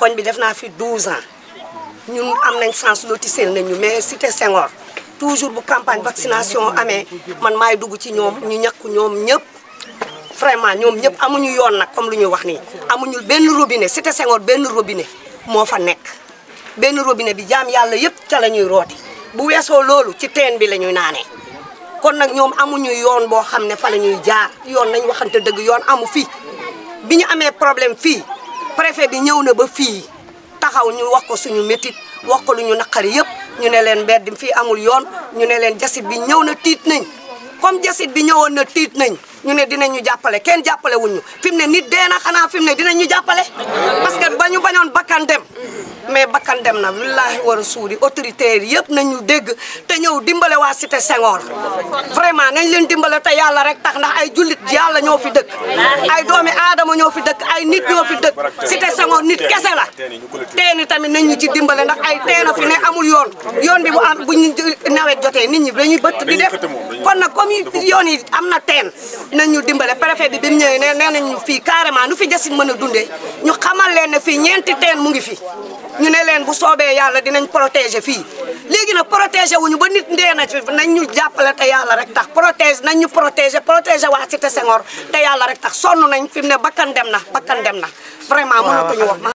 koñ bi def naa fi 12 ans ñun am nañ chance lotisel nañu mais cité Senghor toujours bu campagne vaccination amee man maay dugg ci ñoom ñu ñàkk ñoom ñëpp. vraiment ñoom ñëpp amuñu yoon nag comme lu ñuy wax nii amuñu benn robinet cité Senghor benn robine moo fa nekk benn robine bi jaam yàlla yëpp ca la ñuy rooti bu weesoo loolu ci teen bi la ñuy naanee. kon nag ñoom amuñu yoon boo xam ne fa la ñuy jaar yoon nañ waxante dëgg yoon amu fi bi ñu amee problème fii. préfet bi ñëw na ba fii taxaw ñu wax ko suñu métit wax ko lu ñu naqari yëpp ñu ne leen mbedd fii amul yoon ñu ne leen jasit bi ñëw na tiit nañ comme jasit bi ñëwoon na tiit nañ ñu ne dinañu jàppale kenn jàppale wuñu fi mu ne nit dee na xanaa fi mu ne dinañu jàppale parce que ba ñu bañoon bakkan amee bakkan dem na wallaahi war a suuri autoritaires yëpp nañu dégg te ñëw dimbale waa cité Senghor vraiment nañ leen dimbale te yàlla rek tax ndax ay jullit yàlla ñoo fi dëkk ay doomi aadama ñoo fi dëkk ay nit ñoo fi dëkk cité Senghor nit kese la teeni tamit nañ ci dimbale ndax ay a fi ne amul yoon yoon bi bu am bu ñu nawet jotee nit ñi dañuy bëtt di def kon nag comme yoon yi am na teen nañu jàppale préfet bi bi mu ñëwee nee nee nañu fii carrément nu fi jasit mën a dundee ñu xamal leen ne fii ñeenti teen mu ngi fi ñu ne leen bu soobee yàlla dinañ protéger fii léegi nag protéger wuñu ba nit ndee na ci nañ ñu jàppale te yàlla rek tax protéger nañ ñu protéger protéger waa cité Senghor te yàlla rek tax sonn nañ fi mu ne bakkan dem na bakkan dem na vraiment mënatuñu wax